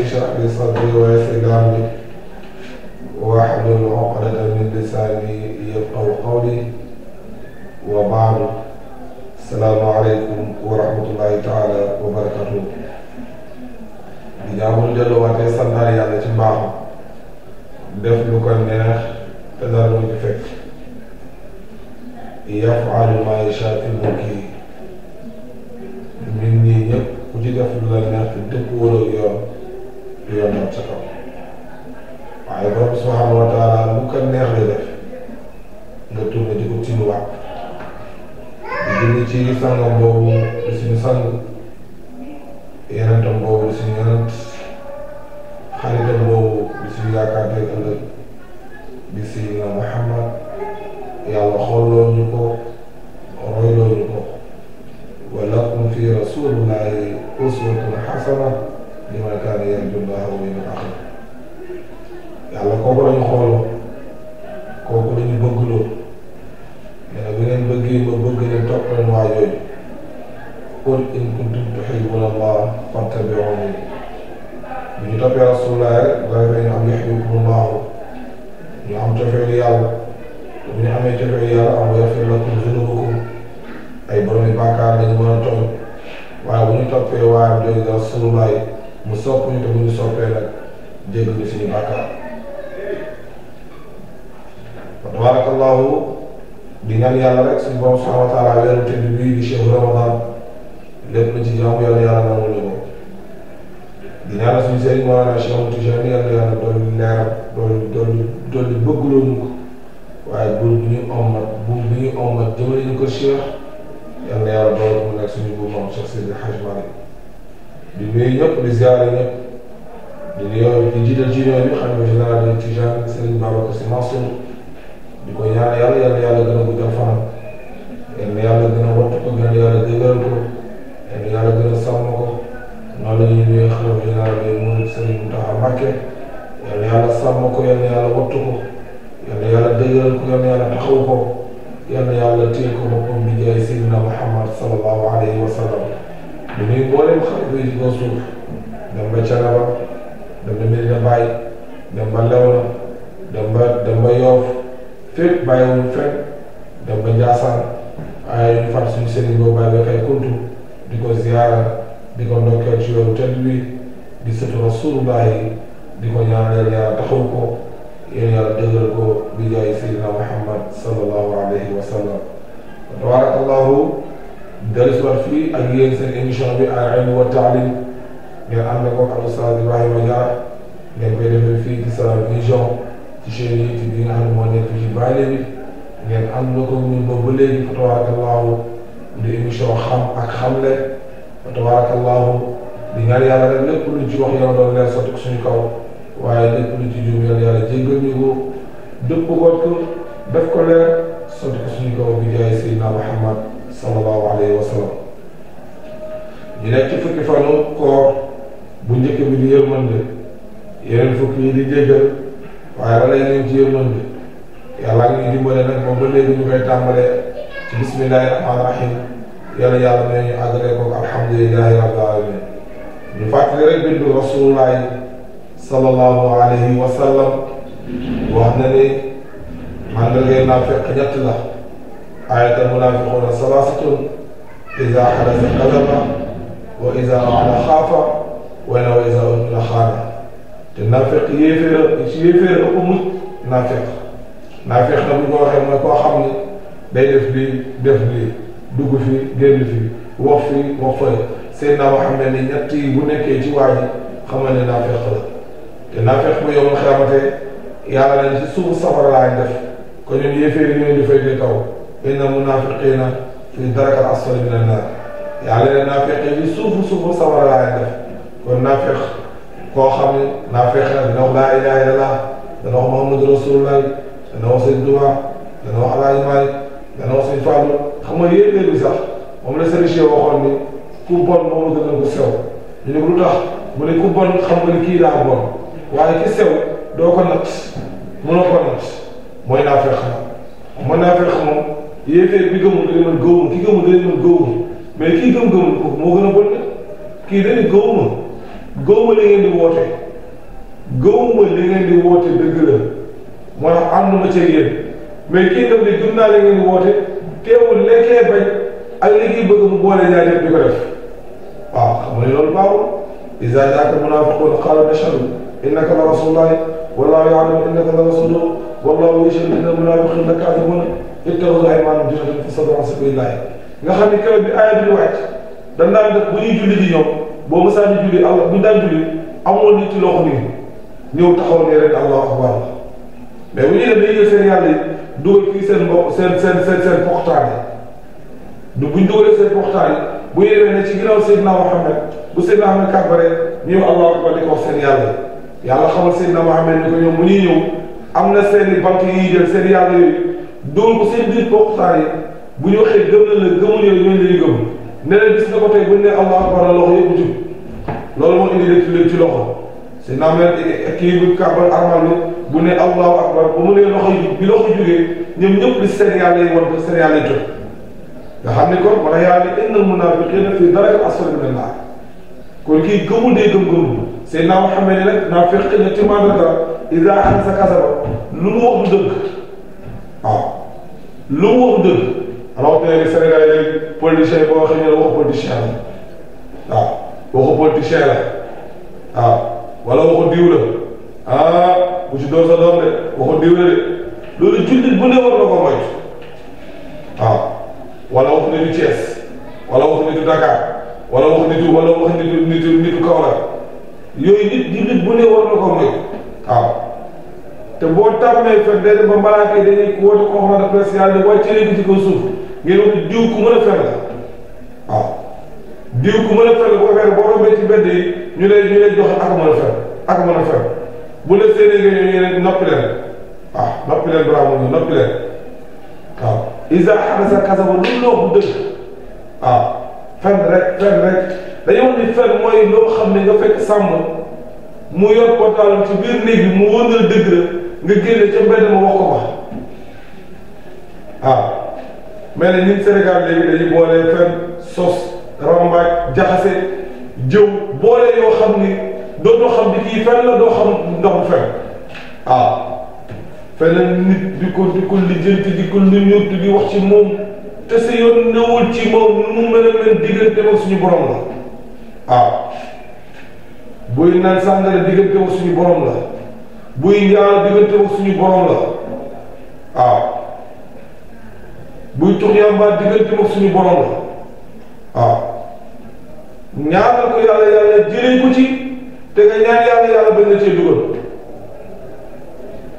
ishrah li sadri wa yassir li amri wahlul uqdatan min lisani yafqahu qawli wa ba'du salaamu aleykum wa rahmatullahi taala wa barakatuh di jaamul delluwaatee santaar yàlla ci mbaaxam def lu ko neex te dara lu ci fekk yafalu ma yasha fi mulki nit ñi ñëpp ku ci def lu la neex te dëpp wala yoon yoon ca kaw waaye borom subhaanahu wa taala lu ko neex lay def nga tourné di ko di jënd ci sangam boobu suñu sang ñu toppee rasulullah rek waaye fa ñu am yuhibbukumullahu ñu am cofeelu yàlla bu ñu amee cofeelu yàlla am yaghfir lakum zunubakum ay borom yu bàkkaar lañu mën a tooñ waaye bu ñu toppee waaye jooju rasulullah mu sopp ñu te bu ñu soppee nag jéggal suñu bàkkaar wa tabarakallahu di ñaan yàlla rek suñu borom subhanahu wa taala weeru tëdd bii di cheikh ramadan lépp lu ci jaamu yàlla yàlla nangu di ñaanal suñu sëriñ Mawlana Cheikh Ahmadou Tijani yàlla yàlla doon leeral doon doon doon bëggloo ñu ko waaye buum bi ñu ommat buum bi ñu ommat jëmale ñu ko Cheikh yàlla yàlla doon mu nekk suñu buum moom Cheikh Seydi Hadj Malick di nuyu ñëpp di ziare ñëpp di nuyoo di jiital ci ñoom bi xam nga général de Tijani Serigne Babacar Sy Mansour di ko ñaan yàlla yàlla yàlla gën a guddal fanam yàlla yàlla gën a wattu ko gën a yàlla dëgëral ko yàlla yàlla gën a sàmm ko. noonu la ñuy nuyu xalifa général bi mooy Serigne Mountakha Mbacké yal na yàlla sàmm ko yal na yàlla wattu ko yal na yàlla dëgëral ko yal na na yàlla téye ko boppam bi jaay Muhammad sallallahu alayhi wa sallam di nuyu mboolem xalifa yi ko suuf dem ba Thiénaba dem ba Medina Baye dem ba Léona dem ba dem ba Yoff fépp bàyyiwul fenn dem ba Ndiassane waaye ñu kuntu di ko ziyaara di ko ndokkeel ci yoonu tedd bi di sëtu rasulullahi di ko ñaanal yàlla taxaw ko yéen yàlla dëggal ko bi jaay sayyidina Muhammad sallallahu alayhi wa sallam tabarakallahu dellusiwaat fii ak yéen seen émission bi al ilm wa taalim ngeen ànd ko ak Oustaz Ibrahima Niang ngeen koy defee fii ci Salam Vision ci chaîne YouTube bi nga xam ne moo nekk bi ngeen ànd ko ñun ba ba léegi tabarakallahu di émission xam ak xamle wa tabarakallahu di ñaan yàlla rek lépp lu ci wax yow doon leer sotti ko suñu kaw waaye lépp lu ci juum yàlla yàlla jéggal ñu ko dëpp ko def ko leer sotti ko suñu kaw bi jaay Seydina Muhammad sallallahu alayhi wa sallam ñu nekk ci fukki fanu koor bu njëkk bi di yërmande yeneen fukki yi di jéggal waaye ba léegi ci yërmande yàlla ngi dimbale nag moom ba léegi ñu koy tàmbalee ci bismillahi rahmaani rahim yàlla yàlla may ñu àggale ko alhamdulilahi rabbil alamin ñu fàttali rek bindu rasulullahi sallallahu alayhi wa sallam wax na ni mandargay naafiq ñett la ayatal munaafiquuna salaasatun iza hadasa kadaba wa iza wa'ada xaafa wa iza umina xaana te naafiq yéeféer ci yéeféer ëpp muñ naafiq naafiq na bu ñu ko waxee mooy koo xam ni day def lii def lii dugg fi génn fi wax fi wax fële seen naa xam ne ni ñett yi bu nekkee ci waa ji xamal ne naa feq la te naa feq bu yow xamante yàlla nañ ci suuf safara laa def ko ñun yéeféer yi ñooy dafay di kaw inna munafiqina fi darakal asfali min annar yàlla ne naa feq ci suufu suufu safara laa def kon naa feq koo xam ne naa feq la dina wax laa ilaha illallah dana wax Muhammadu rasulullah dana wax sëñ Tuubaa dana wax Alaaji Maalik dana wax sëñ Faalu xam nga yéen bi sax moom la sëriñ Cheikh waxoon ni ku bon moom la gën a sew ñu ne lu tax mu ne ku bon xam nga ni kii laa bon waaye ki sew doo ko natt mënoo ko natt mooy naafeq la mooy naafeq moom yéefee bi gëmul dañu mën gëwum ki kii dañu mën gëwum mais kii gëm-gëmul ko moo gën a bon kii dañu gëwuma gëwuma li ngeen di woote gëwuma li ngeen di woote dëgg la moo tax ànduma ci yéen mais kii dem ne gëm naa li ngeen di woote. teewul lekkee bañ ak li ngi bëgg mu boole ñaar yëpp di ko def waaw xam nga loolu baaxul iza jaaka munaafiquun qaala nashhadu innaka la rasulullah wallaahu ya'lamu innaka la rasuluhu wallaahu yashhadu inna al-munaafiqiina lakaazibuun ittaxazu aymaanahum junnatan fasaddu an sabilillah nga xam ne keroog bi aaya bi wàcc dañ daan def bu ñuy julli ci ñoom boo mësaa ñu julli Allah bu ñu daan julli amoon nit ci loxo nii ñëw taxaw ne rek mais bu ñu demee yëg seen yàlla yi dugal fii seen mbokk seen seen seen seen poxtaane du bu ñu dugalee seen poxtaane bu ñu demee ne ci ginnaaw Seydina Mohamed di ko seen am na seen i bant bu ñu waxee gëm na bu ne allahu akbar ba ne loxo yi bi loxo jógee ñoom ñëpp di seen yàlla yi wan ko seen yàlla jot nga xam ne kon wala yàlla inna munafiqina fi daraki asfali min annaar kon kii gëmul dee gëm-gëmul seen naa Muhammad ne nag naa feqi na timaana dara ida xam sa kasaba lu mu wax dëgg waaw lu mu wax dëgg alors que léegi Sénégal yi léegi politicien boo waxee ñu ne waxu politicien la waaw waxu politicien la waaw wala waxu diw la ah bu ci doon sa doom de waxu diw de loolu jullit bu ne war na ko moytu waaw ah, wala wax nitu Thiès wala wax nitu Dakar wala wax nitu wala wax nitu nitu nitu Kaolack yooyu nit jullit bu ne war na ko moytu waaw ah, te boo tàmmee fen day ba malaaka yi dañuy woote de presse ku mën a fen la waaw diw ku mën a fen la boo xam ne boo rombee ci mbedd yi ñu lay ñu lay jox ak mën a fen ak mën a bu la séeréer yi ñu ne noppi leen waaw noppi leen bravo ñu noppi loo bu dëgg ah, fen rek fen rek dañu wax ni fen mooy loo xam ne nga fekk sàmm mu yor portable ci biir néeg mu wóor na dëgg la nga génne ca mbedd ma wax ko wax waaw ah. mais nag ñun boole fen sos rambaaj jaxase jëw boole yoo ni dootoo di kii la doo xam ndox bu fen waaw ah. feneen nit di ko di ko lijjanti di ko luñut di wax ci moom te sa yoon newul ci moom mu mel leen diggante ak suñu borom la waaw ah. buy naan sàngara diggante ak suñu borom la buy njaar diggante ak suñu borom la waaw ah. buy tux yàmba diggante ak suñu borom la waaw ñaanal ko yàlla yàlla jëlee ko ci te nga ñaan yàlla yàlla bañ na cee dugal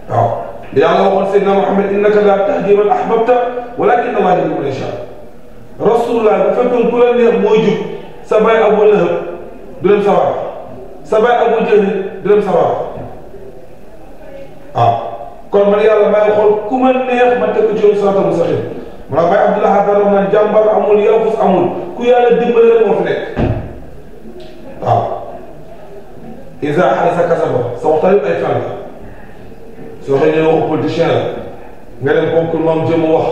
waaw yàlla waxoon Seydina Muhammad innaka laa tahdi man ahbabta walakinna Allaha yahdi man yasha rasulullah dafa doon ku la neex mooy jub sa baay Abu Lahab du dem sawar sa baay Abu Jahl du dem sawar waaw kon man yàlla may xool ku ma neex ma teg ci yoon siraatal mustaqiim maanaam baay Abdullah Hadar naan jàmbar amul yafus amul ku yàlla dimbale rek moo fi nekk Isa Alisa Kasaba sa waxtaan yëpp ay fànn soo xëy na waxu politicien nga dem kooku maam jëm wax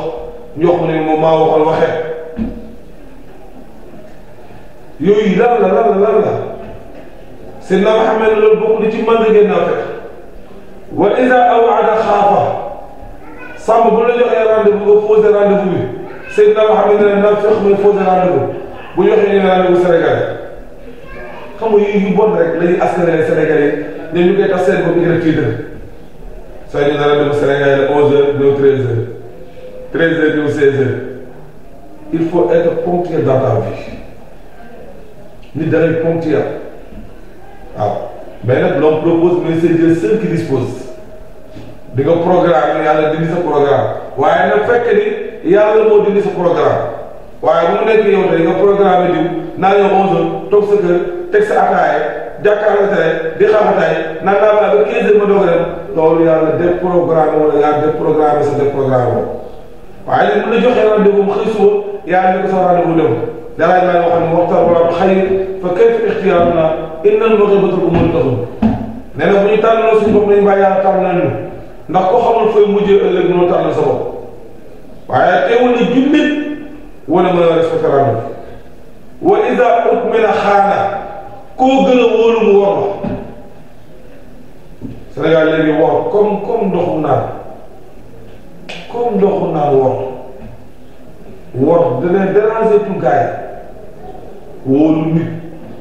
ñu wax mu ne moom maa waxal waxee yooyu lan la lan la lan la seen naa nga xamee ne loolu bokk na ci màndargeen naa fekk wa isa awada xaafa bu la joxee rendez-vous nga posé rendez-vous bi seen naa nga xamee ne naa fekk mooy posé rendez-vous bu ñu waxee ñu ne rendez-vous Sénégal xam nga yu yu bon rek la ñuy askanale Sénégalais ne ñu koy tax seen bopp ñu def Twitter soo ñu dem Sénégal de 11h ñëw 13h 13h ñëw 16h il faut être ponctuel dans ta propose mais c'est dispose di nga programme yàlla dindi sa programme waaye nag fekk ni yàlla moo dindi sa programme waaye bu mu nekk yow tey nga programme naa yow 11h teg sa ataaya jàkkaarloo tere di xamatay naan naa ba 15 heures ma doog a dem loolu yàlla déprogramme wala yàlla déprogramme sa déprogramme waaye sa rendez-vous dem dalay may waxoon ne waxtaan wala xayir fa kayfa ixtiyaaruna inna al-mughibata umuri na bu ñu tànnaloo suñu bopp nañ bàyyi yàlla ndax ko xamul fooy mujjee ëllëg noo tànnal sa bopp waaye teewul ne jullit wala mën a respecté rendez-vous wa ida utmina xaana koo gën a wóolu wor la Sénégal wor comme comme ndoxu naan comme ndoxu naan wor wor dana déranger tout gars yi wóolu nit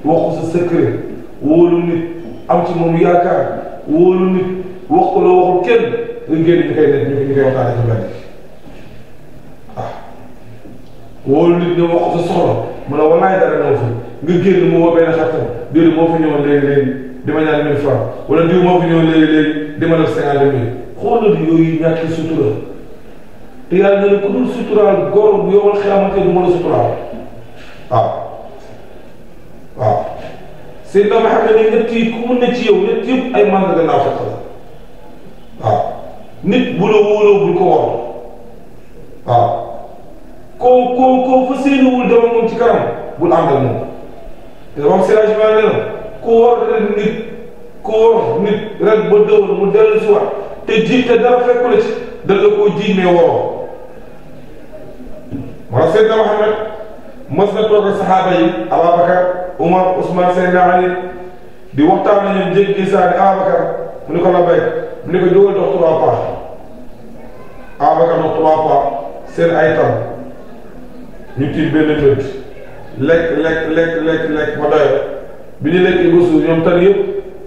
waxu sa secret wóolu nit am ci moom yaakaar wóolu nit wax la waxul kenn nga génn ñu koy nekk ñu ñu koy waxtaane ci mbedd waaw ah. wóolu nit ne waxu sa soxla mu ne walaay dara nga génn mu woo benn xaritam diw moo fi ñëwoon léegi léegi dama ñaan mille francs wala diw moo fi ñëwoon léegi léegi dama def cinquante mille xoolal yooyu ñàkk sutura te yàlla na ne ku dul suturaal góor bu yomal xiyamate du mën a suturaal waaw waaw seen dama xam ne ku mun na ci yow ñett yëpp ay mandarga naafeq la waaw nit bu la bul ko war waaw koo koo koo fa séenuwul dama moom ci kanam bul àndal moom Serigne Ba ne la ku war ku war nit rek ba dëwal mu dellu si te ji te dara fekku la ci da la koo ji mais woo waaw Seydina Mohamed mës na toog ak saxaaba yi Ababacar Umar Ousmane Seydina Ali di waxtaan ak ñoom jéggi saa di Ababacar mu ne ko la ne ko dëwal dox trois pas Ababacar dox trois pas seen ay tam ñu lekk lekk lekk lekk lekk bi ñu lekk ba suuf ñoom tan yëpp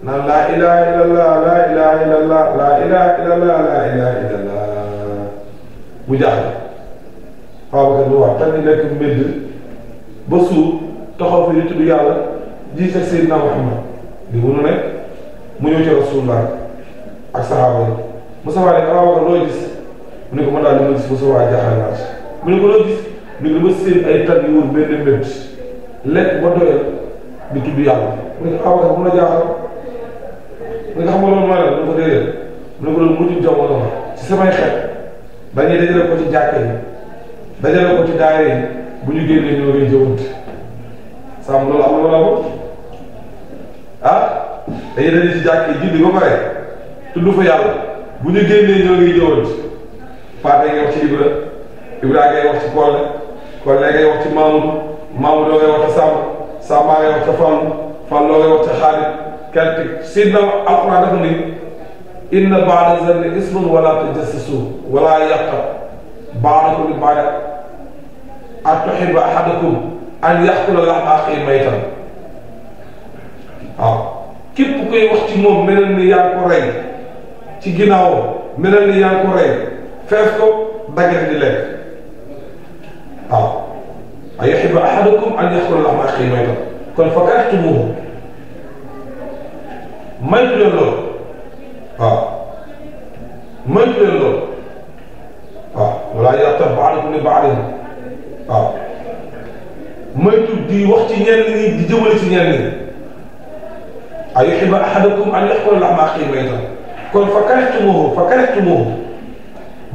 naan laa ilaha illallah laa ilaha illallah laa ilaha illallah laa ilaha illallah ba du wax tan lekk mbedd ba suuf taxaw fi ñu tudd yàlla jiite Seydina Muhammad di mënu nekk mu ñëw ci Rasulullah ak saxaaba yi Moussa Wade waaw loo gis mu ne ko ma daal di ma gis Moussa Wade jaaxal naa ci mu ne ko loo gis. ñu dama seen ay tag yu woon benn mbét lekk ba doyal di tudd yàlla mu ne ko mun a jaaxal mu ne ko xam nga loolu mooy la mu ne ko déedéet mu ne ko loolu mujj jamono ma ci samay xel dañuy dajale ko ci jàkka yi dajale ko ci daayira yi bu ñu génnee ñoo ngi jëwante sàmm loolu am na wala ko ah dañuy dajale ci jàkka yi julli ba pare tudd fa yàlla bu ñu génnee ñoo ngi jëwante Fatou ngay wax ci Ibra Ibra ngay wax ci Kole kon la ngay wax ci Mamour Mamour loo ngay wax ca Samba Samba ngay wax ca Fall Fall loo ngay wax ca Xaalid kent sidna alquran dafa ni inna baada zanni ismun wala tajassasu wala yaqtab baadakum li baada atuhibbu ahadakum an yaqtula lahma axiihi maytan waaw képp kuy wax ci moom mel ni yaa ko rey ci ginnaawam mel ni yaa ko rey fees ko daget di waaw a yuhibbu ahadukum an ya'kula lahma akhihi maytan kon fa karihtumuuhu maytu leen loolu waaw maytu leen loolu waaw wala yaxtab ba'dukum li ba'din waaw maytu di wax ci ñenn ñi di jëmale ci ñenn ñi a yuhibbu ahadukum an ya'kula lahma akhihi maytan kon fa karihtumuuhu fa karihtumuuhu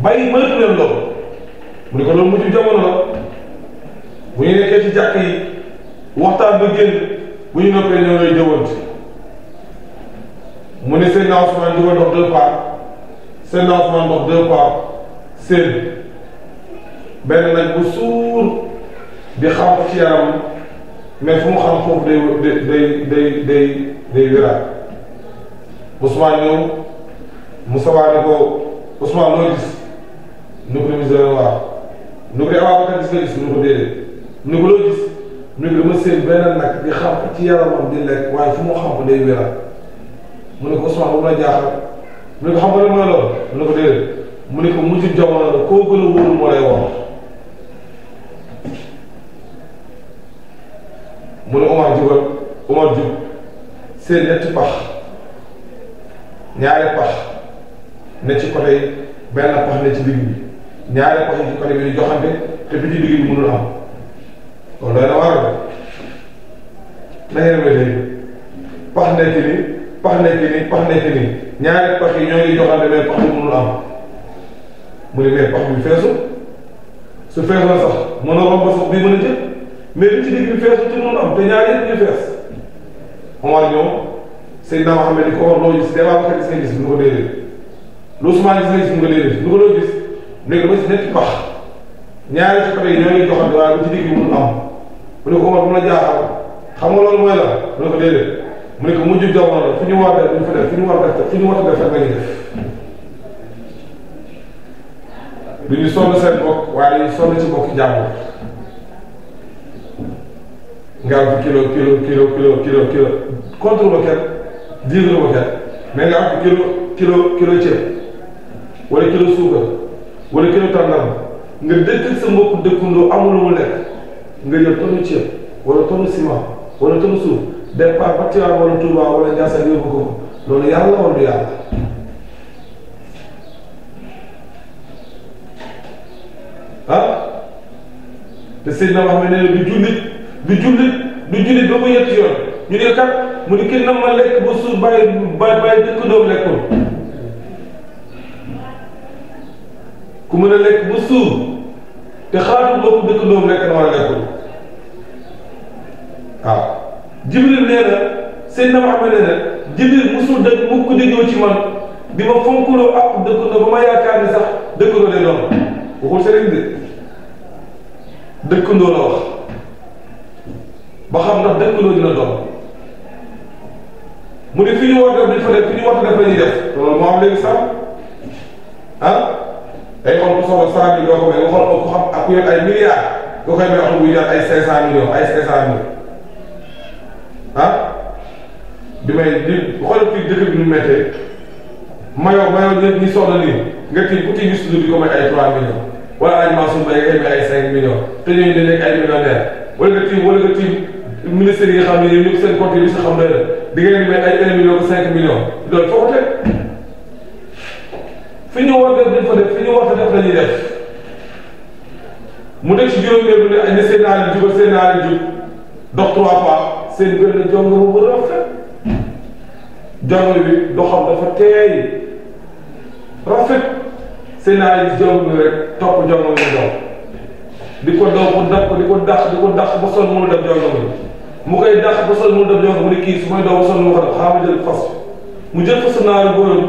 bàyyi maytu leen loolu mu ne ko loolu mujj jamono la bu ñu nekkee ci jàkk yi waxtaan ba génn bu ñu noppee ñoo ngay jëwante mu ne seen naa Ousmane di ko dox deux pas seen naa Ousmane dox deux pas seen benn nag bu suur di xam ci yaram mais fu mu xam foofu day day day day day wéraat Ousmane ñëw Moussa Ba ne ko Ousmane loo gis nu ko nu ko ah, waaw kan gis nga nu ko déedéet ni ko loo gis mu ne dama seen benn nag di xam ci yaramam di lekk waaye fu mu xam day wéral mu ne ko Ousmane bu la jaaxal mu ne ko xam nga mooy loolu mu ne ko déedéet mu ne ko mujj jamono la koo gën a wóolu moo lay wor mu ne Omar jugal Omar jug seen ñetti pax ñaari pax ne ci côté benn pax ne ci digg bi ñaari pax yi ci côté bi di joxante te bi ci digg bi mënul kon doy na war a na ngeen koy dégg pax nekk nii pax nekk nii pax nekk nii ñaari pax yi ñoo ngi joxante mais pax bi mënul am mu ne mais pax bi feesu su feesoon sax mën a romb sax bi mën a jël mais bi ci digg bi feesu ci mënul am te ñaari yëpp ñu fees xamal ñoom Seydina Mohamed di ko war loo gis débat ba gis nga gis bu ko déedéet lu Ousmane gis nga gis bu ko déedéet lu ko doon gis léegi ba si ñetti pax ñaari ci pax yi ñoo ngi joxante waaye bu ci digg bi mënul am. mu ne ko Omar bu la jaaxal xam nga loolu mooy la mu ne ko déedéet mu ne ko mujj jamono la fu ñu war a def ñu fa def fu ñu war a def fu ñu war a def ak la ñuy def du ñu sonn seen bopp waaye dañuy sonn ci bokk jàmbur nga am fi kilo kilo kilo kilo kilo kilo contre ba kenn diir ba kenn mais nga am fi kilo kilo kilo ceeb wala kilo suukar wala kilo tàndam nga dëkk sa mbokku dëkkandoo amul lu mu lekk nga jël tonne ceeb wala tonne ciment wala tonne suuf départ ba Tiwaawan wala Touba wala Ndiassane yóbbu ko loolu yàlla wala du yàlla. ah te Seydina wax ne du jullit du jullit du jullit ba mu ñetti yoon ñu ne kat mu ne kenn na ma lekk ba suuf bàyyi bàyyi dëkk doom lekkul ku mën a lekk ba suuf te xaatul boobu dëkk doom lekk na wala lekkul. jibril nee na Seydina Muhammad nee na jibril musul dëgg mu ko déggoo ci man di ma fonkuloo ak dëkkandoo ba ma yaakaar ni sax dëkkandoo lay doon waxul sëriñ de dëkkandoo la wax ba xam ndax dëkkandoo dina doon mu ne fi ñu war def dañ fa def fi ñu war def la ñuy def loolu moo am léegi sax ah day xool ku soxla cent mille doo ko may nga xool ko xam ak ku yor ay milliards nga koy may oto buy jar ay cinq cent millions ay cinq cent millions ah bi may di xoolal fii dëkk bi nu méttee mayoo mayoo ñun ñi soxla nii nga kii ku ci gis lu di ko may ay 3 millions wala ay ay ay 5 millions te ñooñu nga tiim wala nga tiim ministère yi nga xam ne yéen ñëpp seen compte yi si xam ne la di ngeen di may ay 1 million 5 millions loolu foo ko teg fi ñu war def dañ fa def fi ñu war a def la ñuy def mu nekk si juróomi yëpp ne ay ne seen naari jub ak seen naari jub dox trois fois. seen gën a jong bu rafet jong bi doxam dafa teey rafet seen ay jong rek topp jong mu dox di ko dox mu dab ko di ko dax di ko dax ba sol mënu dab jong bi mu koy dax ba sol mënu dab jong mu ne kii su may dox ba sol mënu ko dab xaaral ma jël fas mu jël fas naaru góoram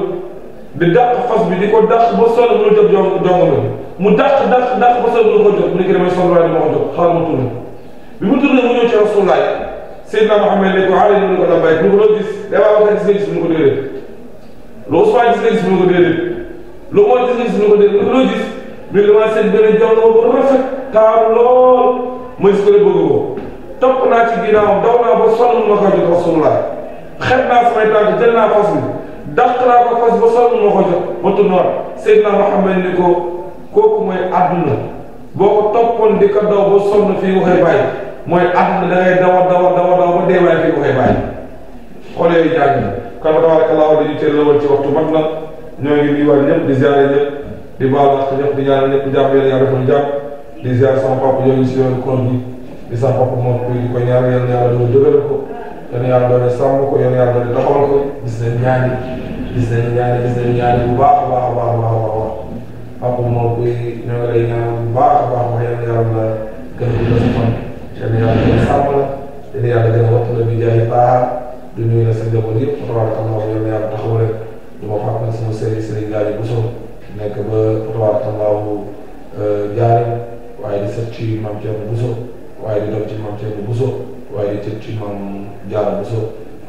di dàq fas bi di ko dàq ba sol mënu dab jong jong bi mu dàq dàq dàq ba sol mënu ko jot mu ne kii damay sol waaye dama ko jot xaaral ma tourné bi mu tourné mu ñëw ci Rasulullah Seydina Mouhamed ne ko xaaral ñu ko dambaay bu ñu ko doon gis day waaw gis nga gis bu ñu ko déedéet lu Ousmane gis nga gis bu ñu ko lu Omar gis nga gis bu ñu ko déedéet lu ko doon gis mbir damaa seen ma gis ko ne topp naa ci ginnaawam daw naa ba sonn ma ko Rasulullah xet naa samay tànk jël naa fas naa fas ba sonn ma ko jot ba tundoor Seydina Mouhamed ne ko kooku mooy àdduna boo di ko daw ba sonn fii waxee bàyyi mooy àdduna da ngay daw a daw a daw a daw ba dee waaye fii ko koy bàyyi xool yooyu jàng na kon tabaarakallaahu dañu teel la woon ci waxtu mat na ñoo ngi nuyuwaat ñëpp di ziare ñëpp di baal wax ñëpp di ñaanal ñëpp jàpp yàlla yàlla defal jàpp di ziare sama papa yooyu si yoonu koor bi di sama papa moom kuy di ko ñaar yàlla yàlla doon dëgëral ko yàlla yàlla doon sàmm ko yàlla yàlla doon doxal ko gis nañ ñaani gis nañ ñaani gis nañ ñaani bu baax a baax a baax a baax a baax papa moom kuy ñoo ngi lay ñaan bu baax a baax wax yàlla yàlla gën ko yal na yàlla gën a sàmm la yal na yàlla gën a wattu la bi jaay baax di nuyu la sa njaboot yëpp tabarakallah yal na yàlla taxaw leen du ma fàttali sama sëriñ sëriñ Gaali Buso nekk ba tabarakallah jaare waaye di sët ci maam Thierno Buso waaye di doom ci maam Thierno Buso waaye di sët ci maam Jaara Buso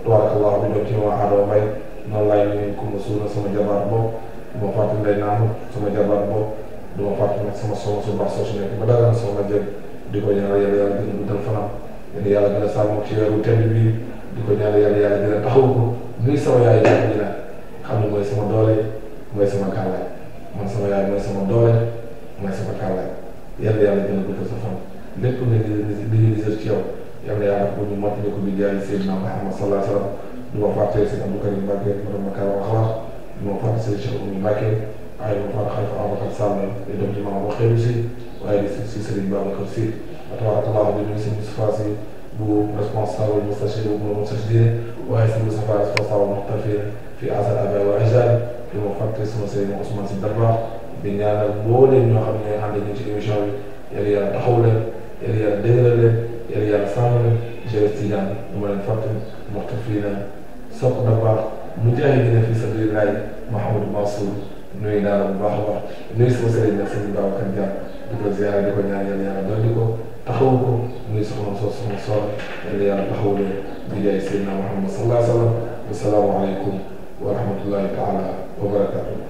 tabarakallah bi doom ci maam Adama Mbay noonu laay nuyu ko ma suuna sama jabaar bopp du ma fàttali ndey naanu sama jabaar bopp du ma fàttali nag sama soxna su baax soo su nekk ba dara sama jëg di ko ñaanal yàlla yàlla gën a guddal fanam yéen yàlla gën a sàmm ci weeru tedd bi di ko ñaanal yàlla yàlla gën a taxawu ko muy sama yaay jàpp ji nag xam ne mooy sama doole mooy sama kàllaay man sama yaay mooy sama doole mooy sama kàllaay yàlla yàlla gën a guddal sa fan lépp nga li ñu lisee ci yow yàlla yàlla ko ñu mottali ko bi jaay Seydina Muhammad sallallahu alayhi wa sallam du ma fàtte si Abdou Karim Mbacke ma doon ma kàlla xalaat du ma fàtte si Cheikh Oumy Mbacke waaye du ma fàtte Khalifa Ababacar Sall di doom ci maam waxee aussi waaye di si Serigne Babacar Sy atabaatabaa di nuyu sëñ Moustapha Sy bu responsable Moustachid bu Moustachid waaye sëñ Moustapha responsable Moustapha fii Asal Abel wa Ajal di ma fàtte sama sëriñ Ousmane Sy Dabakh di ñaanal mbooleem ñoo xam ne ànd ñu ci émission bi yàlla yàlla taxaw leen yàlla yàlla dëgëral leen yàlla yàlla sàmm leen jërëjëf Tidiane du ma leen fàtte Moustapha sopp Dabakh mujahidina fi sabilillahi Mouhamadou Mansour nuyu naa la bu baax a baax nuyu sama sëriñ nag sëriñ Babacar Dia di ko ziar di ko ñaan yàlla yàlla dolli ko taxawu ko muy soxna soo soxna soo yàlla yàlla taxawu leen di jaay Seydina Muhammad sallallahu alayhi wa sallam wa salaamu aleykum wa rahmatullahi taala wa barakatuh